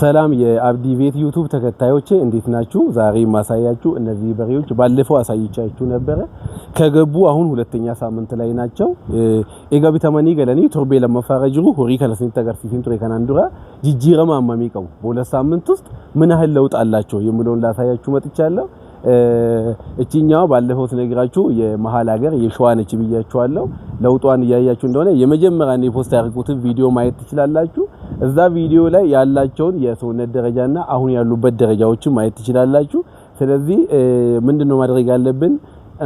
ሰላም የአብዲ ቤት ዩቱብ ተከታዮቼ እንዴት ናችሁ? ዛሬ ማሳያችሁ እነዚህ በሬዎች ባለፈው አሳይቻችሁ ነበረ። ከገቡ አሁን ሁለተኛ ሳምንት ላይ ናቸው። ኤጋቢ ተመኒ ገለኒ ቶርቤ ለመፋረ ሆሪ ከለስኒ ተገርሲሲን ከናንዱራ ጅጂረማ አማሚ በሁለት ሳምንት ውስጥ ምን ያህል ለውጥ አላቸው የሚለውን ላሳያችሁ መጥቻለሁ። እቺኛዋ ባለፈው ስነግራችሁ የመሀል ሀገር የሸዋ ነች ብያችኋለሁ። ለውጧን እያያችሁ እንደሆነ የመጀመሪያ ፖስት ያርቁትን ቪዲዮ ማየት ትችላላችሁ። እዛ ቪዲዮ ላይ ያላቸውን የሰውነት ደረጃና አሁን ያሉበት ደረጃዎችን ማየት ትችላላችሁ። ስለዚህ ምንድን ነው ማድረግ ያለብን?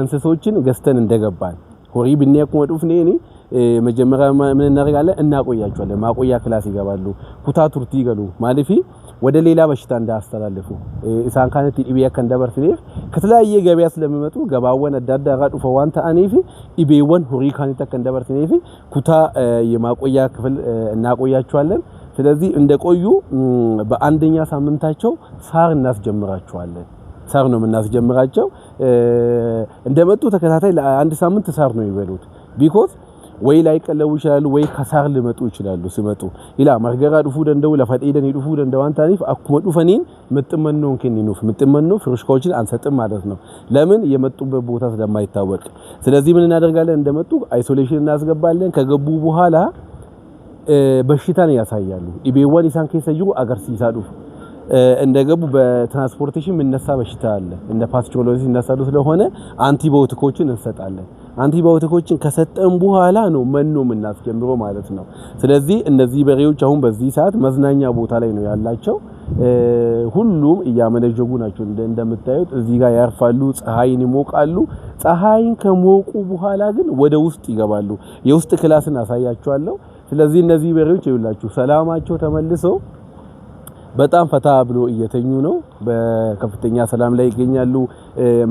እንስሶችን ገዝተን እንደገባን ሆሪ ብንያኩ መጡፍ ነኝ መጀመሪያ ምን እናደርጋለን? እናቆያቸዋለን። ማቆያ ክላስ ይገባሉ። ኩታ ቱርቲ ይገሉ ማለፊ ወደ ሌላ በሽታ እንዳያስተላልፉ እሳን ካነት ኢቤያ ከንደበር ነፍ ከተለያየ ገበያ ስለሚመጡ ገባወን አዳዳራ ዱፈ ዋንታ አኔፊ ኢቤወን ሁሪ ካንተ ከንደበር ነፊ ኩታ የማቆያ ክፍል እናቆያቸዋለን። ስለዚህ እንደቆዩ በአንደኛ ሳምንታቸው ሳር እናስጀምራቸዋለን። ሳር ነው የምናስጀምራቸው። እንደመጡ ተከታታይ ለአንድ ሳምንት ሳር ነው ይበሉት። ቢኮዝ ወይ ላይ ላይቀለቡ ይችላሉ፣ ወይ ከሳር ሊመጡ ይችላሉ። ሲመጡ ኢላ መርገራ ዱፉ ደንደው ለፈጤደን ይዱፉ ደንደው አንታኒፍ አኩመ ዱፈኒን እንኪን ከኒኑፍ ምጥመኑ ፍርሽኮችን አንሰጥም ማለት ነው። ለምን የመጡበት ቦታ ስለማይታወቅ። ስለዚህ ምን እናደርጋለን? እንደመጡ አይሶሌሽን እናስገባለን። ከገቡ በኋላ በሽታን ያሳያሉ። ኢቤዋን ኢሳን ከሰዩ ጅሩ አገርሲሳ ዱፍ እንደገቡ በትራንስፖርቴሽን የምነሳ በሽታ አለ። እንደ ፓስቾሎጂ ይነሳሉ። ስለሆነ አንቲባዮቲኮችን እንሰጣለን። አንቲባዮቲኮችን ከሰጠን በኋላ ነው መኖ የምናስጀምረው ማለት ነው። ስለዚህ እነዚህ በሬዎች አሁን በዚህ ሰዓት መዝናኛ ቦታ ላይ ነው ያላቸው። ሁሉም እያመነዠጉ ናቸው። እንደምታዩት እዚህ ጋር ያርፋሉ፣ ፀሐይን ይሞቃሉ። ፀሐይን ከሞቁ በኋላ ግን ወደ ውስጥ ይገባሉ። የውስጥ ክላስን አሳያቸዋለሁ። ስለዚህ እነዚህ በሬዎች ይውላችሁ ሰላማቸው ተመልሶ በጣም ፈታ ብሎ እየተኙ ነው። በከፍተኛ ሰላም ላይ ይገኛሉ።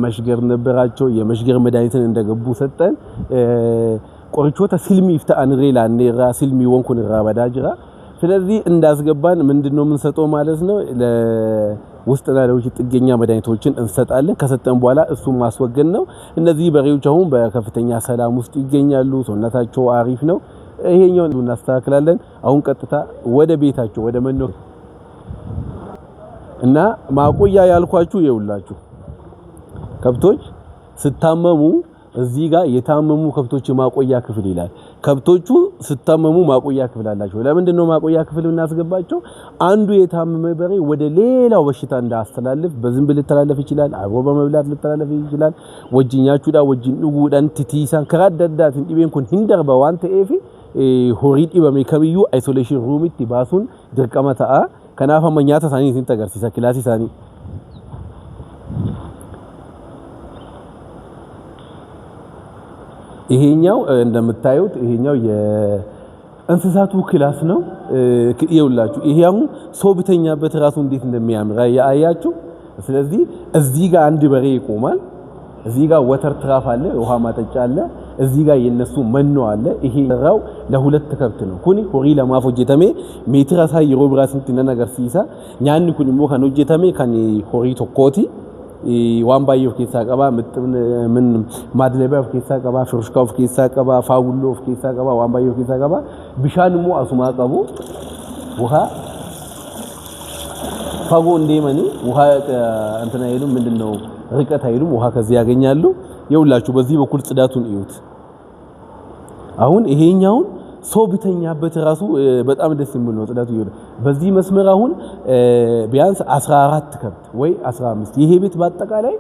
መሽገር ነበራቸው። የመሽገር መድኃኒትን እንደገቡ ሰጠን። ቆርቾተ ሲልሚ ይፍታ አንሬ ላኔራ ሲልሚ ወንኩ ራ በዳጅራ ስለዚህ እንዳስገባን ምንድነው የምንሰጠው ማለት ነው። ለውስጥና ለውጭ ጥገኛ መድኃኒቶችን እንሰጣለን። ከሰጠን በኋላ እሱን ማስወገድ ነው። እነዚህ በሬዎች አሁን በከፍተኛ ሰላም ውስጥ ይገኛሉ። ሰውነታቸው አሪፍ ነው። ይሄኛውን እናስተካክላለን። አሁን ቀጥታ ወደ ቤታችሁ ወደ መኖ እና ማቆያ ያልኳችሁ ይውላችሁ ከብቶች ስታመሙ እዚህ ጋር የታመሙ ከብቶች ማቆያ ክፍል ይላል። ከብቶቹ ስታመሙ ማቆያ ክፍል አላቸው። ለምንድን ነው ማቆያ ክፍል እናስገባቸው? አንዱ የታመመ በሬ ወደ ሌላው በሽታ እንዳስተላልፍ በዝንብ ልተላለፍ ይችላል። አብሮ በመብላት ልተላለፍ ይችላል። ወጅኛቹ ዳ ወጅን ንጉ ዳን ትቲሳን ከራዳዳት እንዲቤን ኩን ሂንደር በዋንተ ኤፊ horii dhibame kamiyyuu isolation ruumitti baasuun dirqama ta'a. Kanaaf amma nyaata isaanii isin agarsiisa kilaasii isaanii. ይሄኛው እንደምታዩት ይሄኛው የእንስሳቱ ክላስ ነው። ይኸውላችሁ ይሄ አሁን ሰው ብተኛበት ራሱ እንዴት እንደሚያምር አያችሁ። ስለዚህ እዚህ ጋር አንድ በሬ ይቆማል። እዚህ ጋር ወተር ትራፍ አለ፣ ውሃ ማጠጫ አለ። እዚህ ጋር የነሱ መኖ አለ። ይሄ ራው ለሁለት ከብት ነው። ኩኒ ሆሪ ለማፍ ሆጀተሜ ሜትራ ሳ የሮ ብራ ነገር ሲሳ ኛን ኩኒ ሞ ከን ሆጀተሜ ከን ሆሪ ቶኮቲ ዋን ባዬ ኦፍ ኬሳ ቀባ ምን ማድለቢያ ኦፍ ኬሳ ቀባ ፍሩሽካ ኦፍ ኬሳ ቀባ ፋውሎ ኦፍ ኬሳ ቀባ ዋን ባዬ ኦፍ ኬሳ ቀባ ቢሻን ሞ አሱማ ቀቡ ውሃ ፋጎ እንደመኒ ውሃ እንትና አይሉም ምንድነው ርቀት አይሉም ውሃ ከዚህ ያገኛሉ። የውላችሁ በዚህ በኩል ጽዳቱን እዩት። አሁን ይሄኛውን ሰው ቢተኛበት ራሱ በጣም ደስ የሚል ነው። ጽዳቱ ይወደ በዚህ መስመር አሁን ቢያንስ 14 ከብት ወይ 15 ይሄ ቤት በአጠቃላይ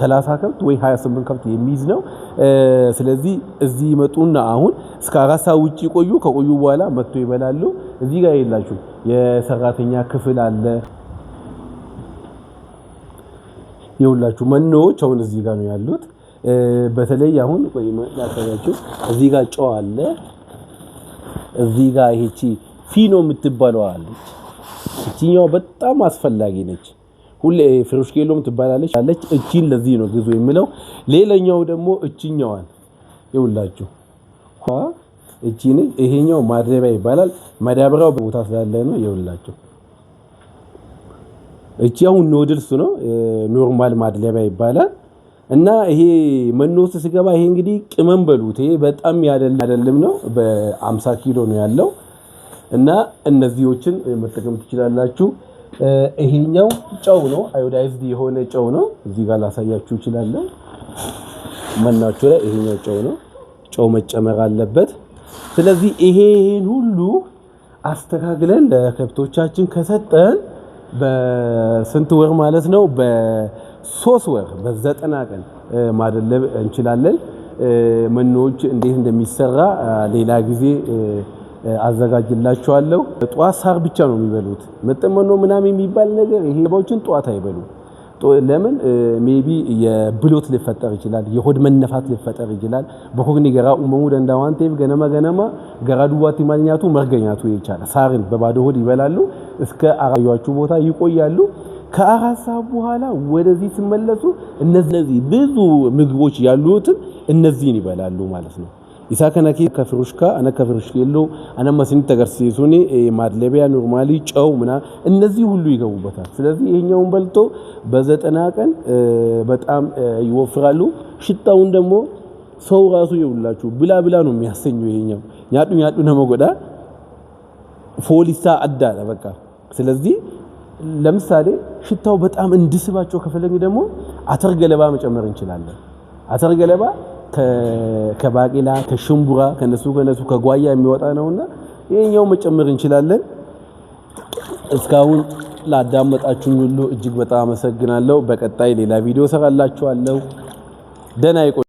30 ከብት ወይ 28 ከብት የሚይዝ ነው። ስለዚህ እዚህ ይመጡና አሁን እስከ አራት ሰዓት ውጪ ቆዩ። ከቆዩ በኋላ መጥቶ ይበላሉ። እዚህ ጋር የላችሁ የሰራተኛ ክፍል አለ። የሁላችሁ መኖዎች አሁን እዚህ ጋር ነው ያሉት። በተለይ አሁን ቆይ ላሳያችሁ። እዚህ ጋር ጨው አለ። እዚህ ጋር ይቺ ፊኖ የምትባለው አለች። እቺኛው በጣም አስፈላጊ ነች። ሁሌ ፍሮሽ ኬሎም ትባላለች አለች። እቺን ለዚህ ነው ግዙ የምለው። ሌላኛው ደግሞ እቺኛዋን ይውላችሁ እቺ እቺን ይሄኛው ማድረቢያ ይባላል። መዳበሪያው ቦታ ስላለ ነው ይውላችሁ። እቺ አሁን ኖድልስ ነው ኖርማል ማድለቢያ ይባላል። እና ይሄ መኖ ውስጥ ስገባ ይሄ እንግዲህ ቅመም በሉት። ይሄ በጣም ያደለም ነው። በ50 ኪሎ ነው ያለው እና እነዚህዎችን መጠቀም ትችላላችሁ። ይሄኛው ጨው ነው፣ አዮዳይዝድ የሆነ ጨው ነው። እዚህ ጋር ላሳያችሁ እችላለሁ። መናችሁ ላይ ይሄኛው ጨው ነው። ጨው መጨመር አለበት። ስለዚህ ይሄን ሁሉ አስተካክለን ለከብቶቻችን ከሰጠን በስንት ወር ማለት ነው በ ሶስት ወር በዘጠና ቀን ማደለብ እንችላለን። መኖዎች እንዴት እንደሚሰራ ሌላ ጊዜ አዘጋጅላቸዋለሁ። ጠዋት ሳር ብቻ ነው የሚበሉት። ምጥን መኖ ምናምን የሚባል ነገር ይሄ ባዎችን ጠዋት አይበሉ። ለምን ሜቢ የብሎት ሊፈጠር ይችላል፣ የሆድ መነፋት ሊፈጠር ይችላል። በሆግኒ ገራ ኡመሙ ደንዳዋንቴፍ ገነማ ገነማ ገራ ዱዋቲ ማግኛቱ መርገኛቱ ይቻላል። ሳርን በባዶ ሆድ ይበላሉ። እስከ አራያችሁ ቦታ ይቆያሉ። ከአራት ሰዓት በኋላ ወደዚህ ሲመለሱ እነዚህ ብዙ ምግቦች ያሉትን እነዚህን ይበላሉ ማለት ነው። ኢሳ ከነኪ ከፍሩሽካ አነ ከፍሩሽ የሎ አነ መስኒ ተገርሲሱኒ ማድለቢያ ኖርማሊ ጨው ምና እነዚህ ሁሉ ይገቡበታል። ስለዚህ ይሄኛውን በልቶ በዘጠና ቀን በጣም ይወፍራሉ። ሽታውን ደግሞ ሰው ራሱ ይውላችሁ ብላ ብላ ነው የሚያሰኘው። ይሄኛው ያጡ ኛጡ ነመጎዳ ፎሊሳ አዳ በቃ ስለዚህ ለምሳሌ ሽታው በጣም እንዲስባቸው ከፈለግ ደግሞ አተር ገለባ መጨመር እንችላለን። አተር ገለባ ከባቂላ፣ ከሽምቡራ ከነሱ ከነሱ ከጓያ የሚወጣ ነውና ይሄኛው መጨመር እንችላለን። እስካሁን ላዳመጣችሁኝ ሁሉ እጅግ በጣም አመሰግናለሁ። በቀጣይ ሌላ ቪዲዮ ሰራላችኋለሁ። ደህና ይቆዩ።